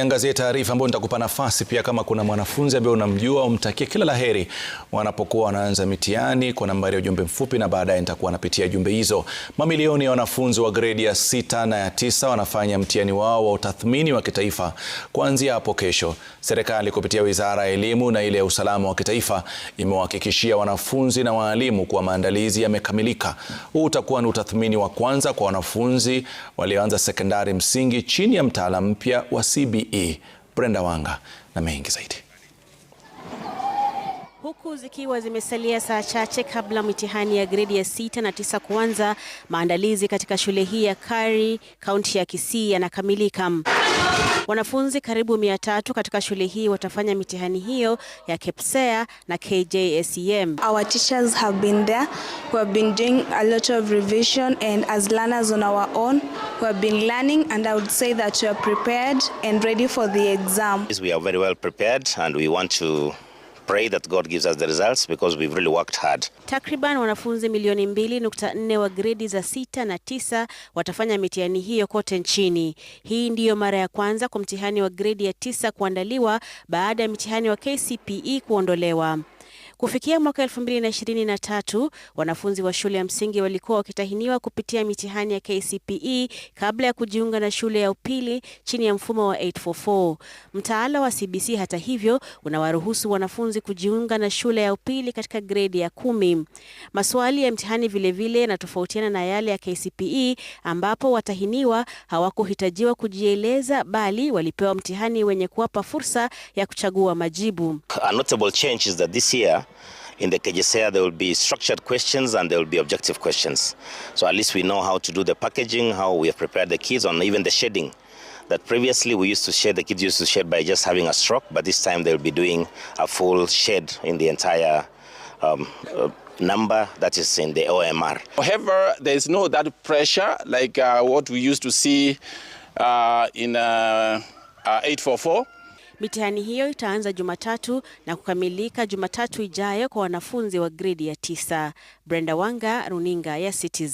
Angazie taarifa ambayo nitakupa nafasi pia, kama kuna mwanafunzi ambaye unamjua umtakie kila laheri wanapokuwa wanaanza mitihani, kwa nambari ya ujumbe mfupi, na baadaye nitakuwa napitia jumbe hizo. Mamilioni ya wanafunzi wa gredi ya sita na ya tisa wanafanya mtihani wao wa utathmini wa kitaifa kuanzia hapo kesho. Serikali kupitia Wizara ya Elimu na ile ya Usalama wa Kitaifa imewahakikishia wanafunzi na waalimu kuwa maandalizi yamekamilika. Huu utakuwa ni utathmini wa kwanza kwa wanafunzi walioanza sekondari msingi chini ya mtaala mpya wa CBE. BE, Brenda Wanga na mengi zaidi. Huku zikiwa zimesalia saa chache kabla mitihani ya gredi ya sita na tisa kuanza, maandalizi katika shule hii ya Kari, kaunti ya Kisii yanakamilika. Wanafunzi karibu mia tatu katika shule hii watafanya mitihani hiyo ya KPSEA na KJSEM. Our teachers have been there. We have been doing a lot of revision and as learners on our own, we have been learning and I would say that we are prepared and ready for the exam. We are very well prepared and we want to pray that God gives us the results because we've really worked hard. Takriban wanafunzi milioni mbili nukta nne wa gredi za sita na tisa watafanya mitihani hiyo kote nchini. Hii ndiyo mara ya kwanza kwa mtihani wa gredi ya tisa kuandaliwa baada ya mtihani wa KCPE kuondolewa. Kufikia mwaka 2023, wanafunzi wa shule ya msingi walikuwa wakitahiniwa kupitia mitihani ya KCPE kabla ya kujiunga na shule ya upili chini ya mfumo wa 844. Mtaala wa CBC hata hivyo unawaruhusu wanafunzi kujiunga na shule ya upili katika gredi ya kumi. Maswali ya mtihani vilevile yanatofautiana na yale ya KCPE ambapo watahiniwa hawakuhitajiwa kujieleza bali walipewa mtihani wenye kuwapa fursa ya kuchagua majibu. A notable change is that this year In the KJSEA, there will be structured questions and there will be objective questions. So at least we know how to do the packaging, how we have prepared the kids, and even the shading. That previously we used to shade, the kids used to shade by just having a stroke, but this time they'll be doing a full shade in the entire um, uh, number that is in the OMR. However, there is no that pressure like uh, what we used to see uh, in uh, uh, 844 Mitihani hiyo itaanza Jumatatu na kukamilika Jumatatu ijayo kwa wanafunzi wa gredi ya tisa. Brenda Wanga, Runinga ya Citizen.